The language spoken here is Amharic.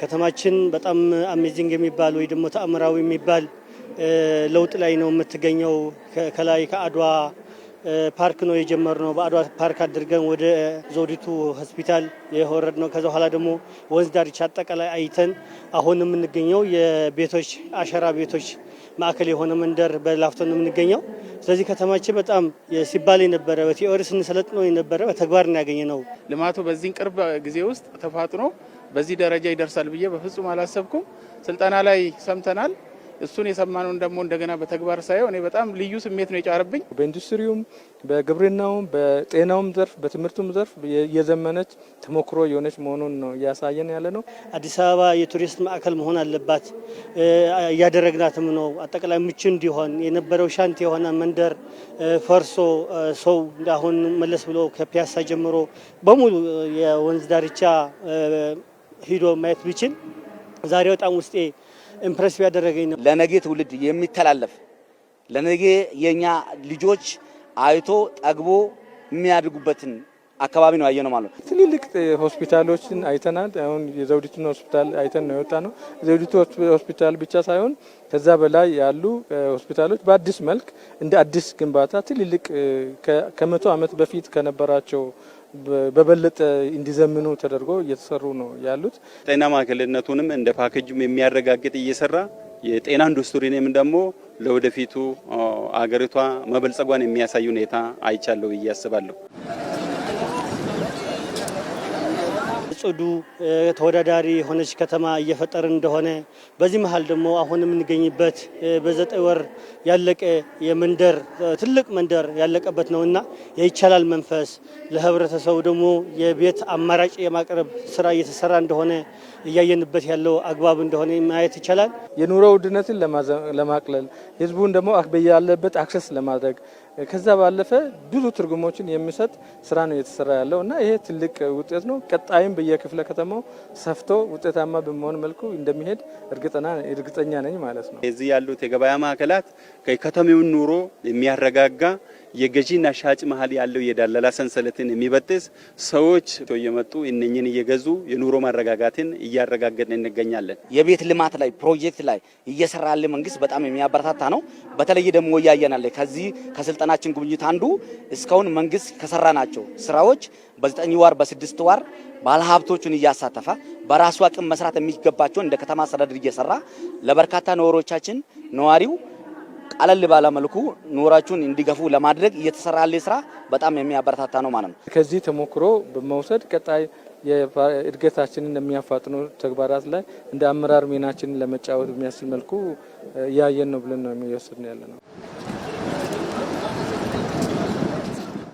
ከተማችን በጣም አሜዚንግ የሚባል ወይ ደግሞ ተአምራዊ የሚባል ለውጥ ላይ ነው የምትገኘው ከላይ ከአድዋ ፓርክ ነው የጀመርነው። በአድዋ ፓርክ አድርገን ወደ ዘውዲቱ ሆስፒታል የወረድ ነው። ከዛ በኋላ ደግሞ ወንዝ ዳርቻ አጠቃላይ አይተን አሁን የምንገኘው የቤቶች አሸራ ቤቶች ማዕከል የሆነ መንደር በላፍቶ ነው የምንገኘው። ስለዚህ ከተማችን በጣም ሲባል የነበረ በቲዎሪ ስንሰለጥ ነው የነበረ በተግባር እናያገኘ ነው። ልማቱ በዚህን ቅርብ ጊዜ ውስጥ ተፋጥኖ በዚህ ደረጃ ይደርሳል ብዬ በፍጹም አላሰብኩም። ስልጠና ላይ ሰምተናል። እሱን የሰማነውን ደግሞ እንደገና በተግባር ሳየው እኔ በጣም ልዩ ስሜት ነው የጫረብኝ። በኢንዱስትሪውም፣ በግብርናውም፣ በጤናውም ዘርፍ፣ በትምህርቱም ዘርፍ የዘመነች ተሞክሮ የሆነች መሆኑን ነው እያሳየን ያለ ነው። አዲስ አበባ የቱሪስት ማዕከል መሆን አለባት እያደረግናትም ነው። አጠቃላይ ምቹ እንዲሆን የነበረው ሻንት የሆነ መንደር ፈርሶ ሰው አሁን መለስ ብሎ ከፒያሳ ጀምሮ በሙሉ የወንዝ ዳርቻ ሂዶ ማየት ቢችል ዛሬ በጣም ውስጤ ኢምፕሬስ ያደረገኝ ነው። ለነገ ትውልድ የሚተላለፍ ለነገ የኛ ልጆች አይቶ ጠግቦ የሚያድጉበትን አካባቢ ነው ያየነው ማለት ነው። ትልልቅ ሆስፒታሎችን አይተናል። አሁን የዘውዲቱን ሆስፒታል አይተን ነው የወጣ ነው። ዘውዲቱ ሆስፒታል ብቻ ሳይሆን ከዛ በላይ ያሉ ሆስፒታሎች በአዲስ መልክ እንደ አዲስ ግንባታ ትልልቅ ከመቶ ዓመት በፊት ከነበራቸው በበለጠ እንዲዘምኑ ተደርጎ እየተሰሩ ነው ያሉት። ጤና ማዕከልነቱንም እንደ ፓኬጅም የሚያረጋግጥ እየሰራ የጤና ኢንዱስትሪንም ደግሞ ለወደፊቱ አገሪቷ መበልጸጓን የሚያሳይ ሁኔታ አይቻለሁ ብዬ አስባለሁ። ጽዱ ተወዳዳሪ የሆነች ከተማ እየፈጠረ እንደሆነ በዚህ መሀል ደግሞ አሁን የምንገኝበት በዘጠኝ ወር ያለቀ የመንደር ትልቅ መንደር ያለቀበት ነው እና የይቻላል መንፈስ ለህብረተሰቡ ደግሞ የቤት አማራጭ የማቅረብ ስራ እየተሰራ እንደሆነ እያየንበት ያለው አግባብ እንደሆነ ማየት ይቻላል። የኑሮ ውድነትን ለማቅለል ህዝቡን ደግሞ በያለበት አክሰስ ለማድረግ ከዛ ባለፈ ብዙ ትርጉሞችን የሚሰጥ ስራ ነው እየተሰራ ያለው እና ይሄ ትልቅ ውጤት ነው። ቀጣይም በየክፍለ ከተማው ሰፍቶ ውጤታማ በመሆን መልኩ እንደሚሄድ እርግጠኛ ነኝ ማለት ነው። እዚህ ያሉት የገበያ ማዕከላት ከከተሜውን ኑሮ የሚያረጋጋ የገዢና ሻጭ መሀል ያለው የዳለላ ሰንሰለትን የሚበጥስ ሰዎች እየመጡ እነኝን እየገዙ የኑሮ ማረጋጋትን እያረጋገጥን እንገኛለን። የቤት ልማት ላይ ፕሮጀክት ላይ እየሰራ ያለ መንግስት በጣም የሚያበረታታ ነው። በተለይ ደግሞ እያየናለ ከዚህ ከስልጠናችን ጉብኝት አንዱ እስካሁን መንግስት ከሰራ ናቸው ስራዎች በዘጠኝ ወር በስድስት ወር ባለሀብቶቹን እያሳተፈ በራሱ አቅም መስራት የሚገባቸውን እንደ ከተማ አስተዳደር እየሰራ ለበርካታ ነዋሪዎቻችን ነዋሪው ቀለል ባለ መልኩ ኑሯችሁን እንዲገፉ ለማድረግ እየተሰራ ያለ ስራ በጣም የሚያበረታታ ነው ማለት ነው። ከዚህ ተሞክሮ በመውሰድ ቀጣይ እድገታችንን የሚያፋጥኑ ተግባራት ላይ እንደ አመራር ሚናችንን ለመጫወት የሚያስችል መልኩ እያየን ነው ብለን ነው የሚወስድ ያለ ነው።